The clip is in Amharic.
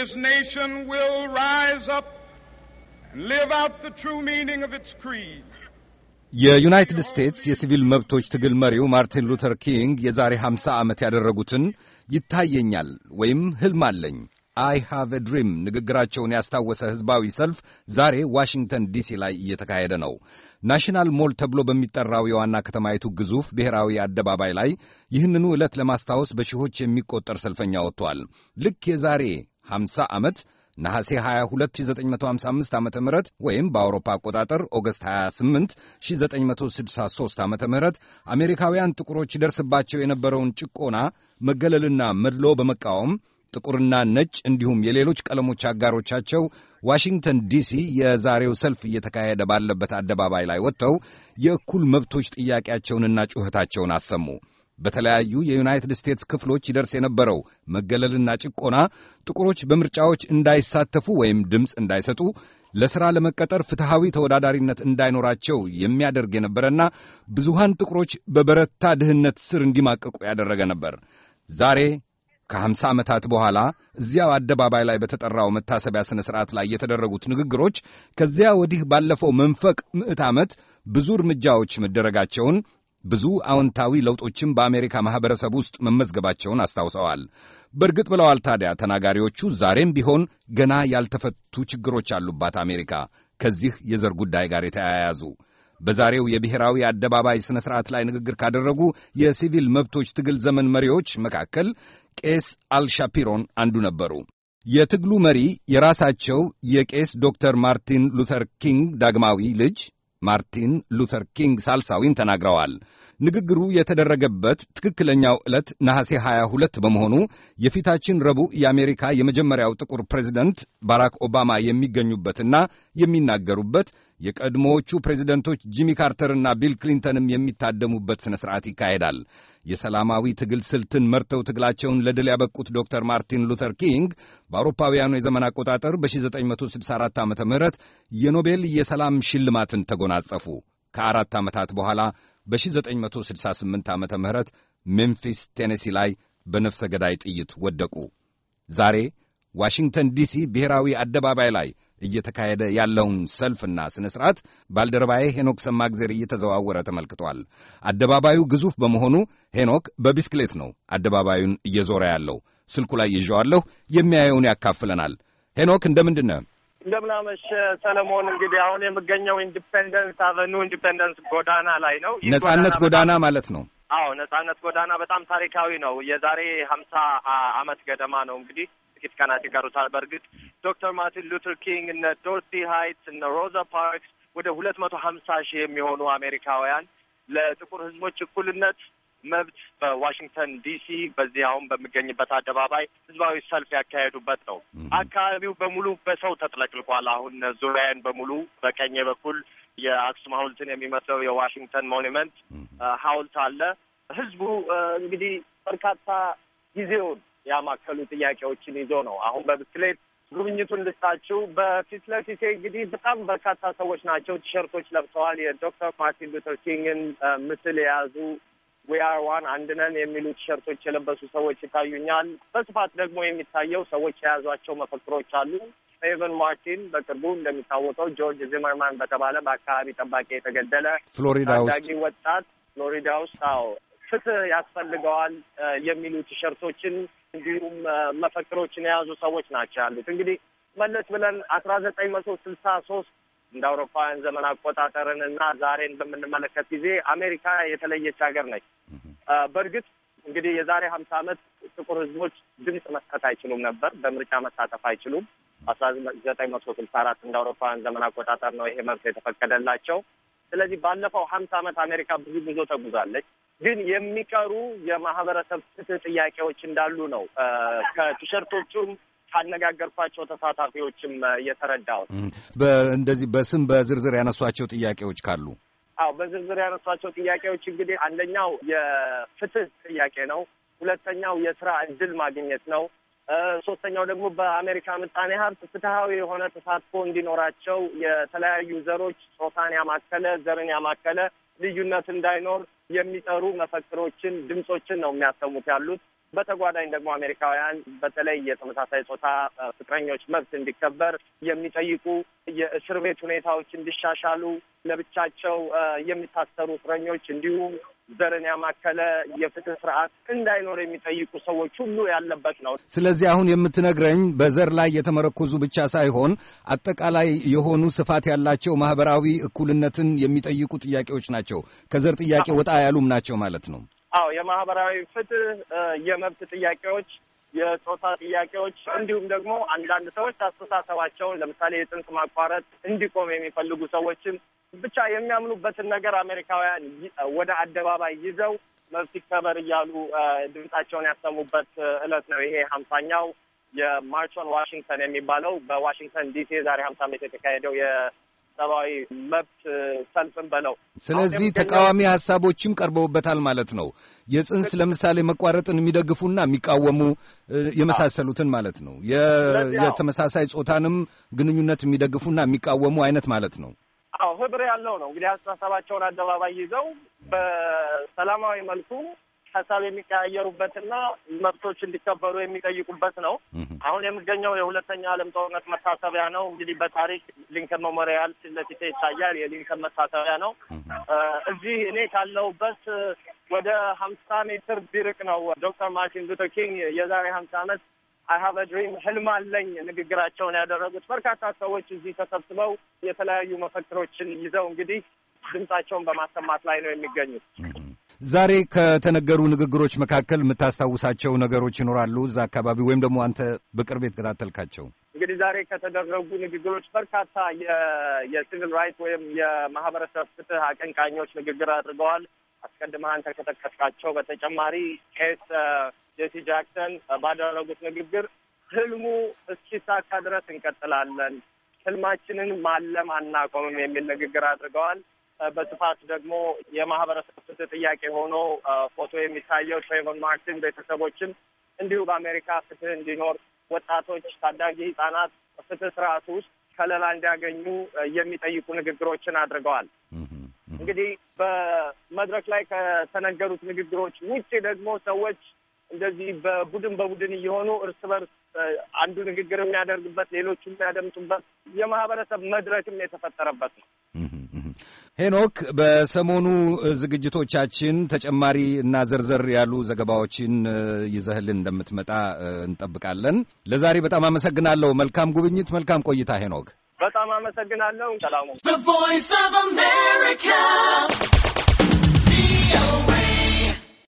this nation will rise up and live out the true meaning of its creed. የዩናይትድ ስቴትስ የሲቪል መብቶች ትግል መሪው ማርቲን ሉተር ኪንግ የዛሬ 50 ዓመት ያደረጉትን ይታየኛል ወይም ህልም አለኝ አይ ሃቭ ኤ ድሪም ንግግራቸውን ያስታወሰ ሕዝባዊ ሰልፍ ዛሬ ዋሽንግተን ዲሲ ላይ እየተካሄደ ነው። ናሽናል ሞል ተብሎ በሚጠራው የዋና ከተማይቱ ግዙፍ ብሔራዊ አደባባይ ላይ ይህንኑ ዕለት ለማስታወስ በሺዎች የሚቆጠር ሰልፈኛ ወጥቷል። ልክ የዛሬ 50 ዓመት ነሐሴ 22 1955 ዓ ም ወይም በአውሮፓ አቆጣጠር ኦገስት 28 1963 ዓ ም አሜሪካውያን ጥቁሮች ይደርስባቸው የነበረውን ጭቆና መገለልና መድሎ በመቃወም ጥቁርና ነጭ እንዲሁም የሌሎች ቀለሞች አጋሮቻቸው ዋሽንግተን ዲሲ የዛሬው ሰልፍ እየተካሄደ ባለበት አደባባይ ላይ ወጥተው የእኩል መብቶች ጥያቄያቸውንና ጩኸታቸውን አሰሙ። በተለያዩ የዩናይትድ ስቴትስ ክፍሎች ይደርስ የነበረው መገለልና ጭቆና ጥቁሮች በምርጫዎች እንዳይሳተፉ ወይም ድምፅ እንዳይሰጡ ለሥራ ለመቀጠር ፍትሐዊ ተወዳዳሪነት እንዳይኖራቸው የሚያደርግ የነበረና ብዙሃን ጥቁሮች በበረታ ድህነት ስር እንዲማቀቁ ያደረገ ነበር። ዛሬ ከ50 ዓመታት በኋላ እዚያው አደባባይ ላይ በተጠራው መታሰቢያ ሥነ ሥርዓት ላይ የተደረጉት ንግግሮች ከዚያ ወዲህ ባለፈው መንፈቅ ምዕት ዓመት ብዙ እርምጃዎች መደረጋቸውን ብዙ አዎንታዊ ለውጦችም በአሜሪካ ማኅበረሰብ ውስጥ መመዝገባቸውን አስታውሰዋል። በእርግጥ ብለዋል ታዲያ ተናጋሪዎቹ፣ ዛሬም ቢሆን ገና ያልተፈቱ ችግሮች አሉባት አሜሪካ ከዚህ የዘር ጉዳይ ጋር የተያያዙ በዛሬው የብሔራዊ አደባባይ ሥነ ሥርዓት ላይ ንግግር ካደረጉ የሲቪል መብቶች ትግል ዘመን መሪዎች መካከል ቄስ አልሻፒሮን አንዱ ነበሩ። የትግሉ መሪ የራሳቸው የቄስ ዶክተር ማርቲን ሉተር ኪንግ ዳግማዊ ልጅ ማርቲን ሉተር ኪንግ ሳልሳዊን ተናግረዋል። ንግግሩ የተደረገበት ትክክለኛው ዕለት ነሐሴ 22 በመሆኑ የፊታችን ረቡዕ የአሜሪካ የመጀመሪያው ጥቁር ፕሬዚደንት ባራክ ኦባማ የሚገኙበትና የሚናገሩበት የቀድሞዎቹ ፕሬዚደንቶች ጂሚ ካርተርና ቢል ክሊንተንም የሚታደሙበት ሥነ ሥርዓት ይካሄዳል። የሰላማዊ ትግል ስልትን መርተው ትግላቸውን ለድል ያበቁት ዶክተር ማርቲን ሉተር ኪንግ በአውሮፓውያኑ የዘመን አቆጣጠር በ1964 ዓ ም የኖቤል የሰላም ሽልማትን ተጎናጸፉ። ከአራት ዓመታት በኋላ በ1968 ዓ ም ሜምፊስ ቴኔሲ ላይ በነፍሰ ገዳይ ጥይት ወደቁ። ዛሬ ዋሽንግተን ዲሲ ብሔራዊ አደባባይ ላይ እየተካሄደ ያለውን ሰልፍና ስነ ስርዓት ባልደረባዬ ሄኖክ ሰማግዜር እየተዘዋወረ ተመልክቷል። አደባባዩ ግዙፍ በመሆኑ ሄኖክ በቢስክሌት ነው አደባባዩን እየዞረ ያለው። ስልኩ ላይ ይዤዋለሁ። የሚያየውን ያካፍለናል። ሄኖክ እንደምንድን ነህ? እንደምናመሽ ሰለሞን። እንግዲህ አሁን የምገኘው ኢንዲፔንደንስ አቨኑ ኢንዲፔንደንስ ጎዳና ላይ ነው። ነጻነት ጎዳና ማለት ነው። አዎ ነጻነት ጎዳና በጣም ታሪካዊ ነው። የዛሬ ሀምሳ አመት ገደማ ነው እንግዲህ ጥቂት ቀናት ይቀሩታል። በእርግጥ ዶክተር ማርቲን ሉተር ኪንግ፣ እነ ዶርቲ ሃይትስ፣ እነ ሮዛ ፓርክስ ወደ ሁለት መቶ ሀምሳ ሺህ የሚሆኑ አሜሪካውያን ለጥቁር ህዝቦች እኩልነት መብት በዋሽንግተን ዲሲ በዚህ አሁን በሚገኝበት አደባባይ ህዝባዊ ሰልፍ ያካሄዱበት ነው። አካባቢው በሙሉ በሰው ተጥለቅልቋል። አሁን ዙሪያን በሙሉ በቀኝ በኩል የአክሱም ሐውልትን የሚመስለው የዋሽንግተን ሞኒመንት ሐውልት አለ። ህዝቡ እንግዲህ በርካታ ጊዜውን ያማከሉ ጥያቄዎችን ይዞ ነው። አሁን በብስክሌት ጉብኝቱን ልስጣችሁ። በፊት ለፊቴ እንግዲህ በጣም በርካታ ሰዎች ናቸው። ቲሸርቶች ለብሰዋል። የዶክተር ማርቲን ሉተር ኪንግን ምስል የያዙ ዊአርዋን አንድነን የሚሉ ቲሸርቶች የለበሱ ሰዎች ይታዩኛል። በስፋት ደግሞ የሚታየው ሰዎች የያዟቸው መፈክሮች አሉ። ስቴቨን ማርቲን በቅርቡ እንደሚታወቀው ጆርጅ ዚመርማን በተባለ በአካባቢ ጠባቂ የተገደለ ፍሎሪዳ ውስጥ ወጣት ፍሎሪዳ ውስጥ አዎ ፍትህ ያስፈልገዋል የሚሉ ቲሸርቶችን እንዲሁም መፈክሮችን የያዙ ሰዎች ናቸው ያሉት። እንግዲህ መለስ ብለን አስራ ዘጠኝ መቶ ስልሳ ሶስት እንደ አውሮፓውያን ዘመን አቆጣጠርን እና ዛሬን በምንመለከት ጊዜ አሜሪካ የተለየች ሀገር ነች። በእርግጥ እንግዲህ የዛሬ ሀምሳ ዓመት ጥቁር ህዝቦች ድምፅ መስጠት አይችሉም ነበር፣ በምርጫ መሳተፍ አይችሉም። አስራ ዘጠኝ መቶ ስልሳ አራት እንደ አውሮፓውያን ዘመን አቆጣጠር ነው ይሄ መብት የተፈቀደላቸው። ስለዚህ ባለፈው ሀምሳ ዓመት አሜሪካ ብዙ ጉዞ ተጉዛለች። ግን የሚቀሩ የማህበረሰብ ፍትህ ጥያቄዎች እንዳሉ ነው ከቲሸርቶቹም ካነጋገርኳቸው ተሳታፊዎችም የተረዳው እንደዚህ በስም በዝርዝር ያነሷቸው ጥያቄዎች ካሉ? አዎ በዝርዝር ያነሷቸው ጥያቄዎች እንግዲህ አንደኛው የፍትህ ጥያቄ ነው። ሁለተኛው የስራ እድል ማግኘት ነው። ሶስተኛው ደግሞ በአሜሪካ ምጣኔ ሀብት ፍትሀዊ የሆነ ተሳትፎ እንዲኖራቸው የተለያዩ ዘሮች ጾታን ያማከለ ዘርን ያማከለ ልዩነት እንዳይኖር የሚጠሩ መፈክሮችን፣ ድምጾችን ነው የሚያሰሙት ያሉት። በተጓዳኝ ደግሞ አሜሪካውያን በተለይ የተመሳሳይ ጾታ ፍቅረኞች መብት እንዲከበር የሚጠይቁ የእስር ቤት ሁኔታዎች እንዲሻሻሉ፣ ለብቻቸው የሚታሰሩ እስረኞች እንዲሁም ዘርን ያማከለ የፍትህ ስርዓት እንዳይኖር የሚጠይቁ ሰዎች ሁሉ ያለበት ነው። ስለዚህ አሁን የምትነግረኝ በዘር ላይ የተመረኮዙ ብቻ ሳይሆን አጠቃላይ የሆኑ ስፋት ያላቸው ማህበራዊ እኩልነትን የሚጠይቁ ጥያቄዎች ናቸው። ከዘር ጥያቄ ወጣ ያሉም ናቸው ማለት ነው። አዎ፣ የማህበራዊ ፍትህ፣ የመብት ጥያቄዎች የጾታ ጥያቄዎች እንዲሁም ደግሞ አንዳንድ ሰዎች አስተሳሰባቸውን ለምሳሌ የጽንስ ማቋረጥ እንዲቆም የሚፈልጉ ሰዎችን ብቻ የሚያምኑበትን ነገር አሜሪካውያን ወደ አደባባይ ይዘው መብት ይከበር እያሉ ድምጻቸውን ያሰሙበት እለት ነው። ይሄ ሀምሳኛው የማርች ኦን ዋሽንግተን የሚባለው በዋሽንግተን ዲሲ የዛሬ ሀምሳ ዓመት የተካሄደው ሰብአዊ መብት ሰልፍን በለው። ስለዚህ ተቃዋሚ ሀሳቦችም ቀርበውበታል ማለት ነው። የጽንስ ለምሳሌ መቋረጥን የሚደግፉና የሚቃወሙ የመሳሰሉትን ማለት ነው። የተመሳሳይ ጾታንም ግንኙነት የሚደግፉና የሚቃወሙ አይነት ማለት ነው። አዎ ህብር ያለው ነው እንግዲህ አስተሳሰባቸውን አደባባይ ይዘው በሰላማዊ መልኩ ሀሳብ የሚቀያየሩበትና መብቶች እንዲከበሩ የሚጠይቁበት ነው። አሁን የምገኘው የሁለተኛ ዓለም ጦርነት መታሰቢያ ነው። እንግዲህ በታሪክ ሊንከን ሜሞሪያል ፊት ለፊት ይታያል። የሊንከን መታሰቢያ ነው። እዚህ እኔ ካለሁበት ወደ ሀምሳ ሜትር ቢርቅ ነው ዶክተር ማርቲን ሉተር ኪንግ የዛሬ ሀምሳ ዓመት አይ ሀቭ አ ድሪም ህልም አለኝ ንግግራቸውን ያደረጉት በርካታ ሰዎች እዚህ ተሰብስበው የተለያዩ መፈክሮችን ይዘው እንግዲህ ድምጻቸውን በማሰማት ላይ ነው የሚገኙት። ዛሬ ከተነገሩ ንግግሮች መካከል የምታስታውሳቸው ነገሮች ይኖራሉ? እዛ አካባቢ ወይም ደግሞ አንተ በቅርብ የተከታተልካቸው? እንግዲህ ዛሬ ከተደረጉ ንግግሮች በርካታ የሲቪል ራይት ወይም የማህበረሰብ ፍትህ አቀንቃኞች ንግግር አድርገዋል። አስቀድመህ አንተ ከጠቀስካቸው በተጨማሪ ኬስ ጄሲ ጃክሰን ባደረጉት ንግግር ህልሙ እስኪሳካ ድረስ እንቀጥላለን፣ ህልማችንን ማለም አናቆምም የሚል ንግግር አድርገዋል። በስፋት ደግሞ የማህበረሰብ ፍትህ ጥያቄ ሆኖ ፎቶ የሚታየው ትሬቨን ማርቲን ቤተሰቦችን እንዲሁ በአሜሪካ ፍትህ እንዲኖር ወጣቶች፣ ታዳጊ ህጻናት ፍትህ ስርዓቱ ውስጥ ከለላ እንዲያገኙ የሚጠይቁ ንግግሮችን አድርገዋል። እንግዲህ በመድረክ ላይ ከተነገሩት ንግግሮች ውጭ ደግሞ ሰዎች እንደዚህ በቡድን በቡድን እየሆኑ እርስ በርስ አንዱ ንግግር የሚያደርግበት ሌሎቹ የሚያደምጡበት የማህበረሰብ መድረክም የተፈጠረበት ነው። ሄኖክ፣ በሰሞኑ ዝግጅቶቻችን ተጨማሪ እና ዘርዘር ያሉ ዘገባዎችን ይዘህልን እንደምትመጣ እንጠብቃለን። ለዛሬ በጣም አመሰግናለሁ። መልካም ጉብኝት፣ መልካም ቆይታ ሄኖክ። በጣም አመሰግናለሁ ሰላሙ።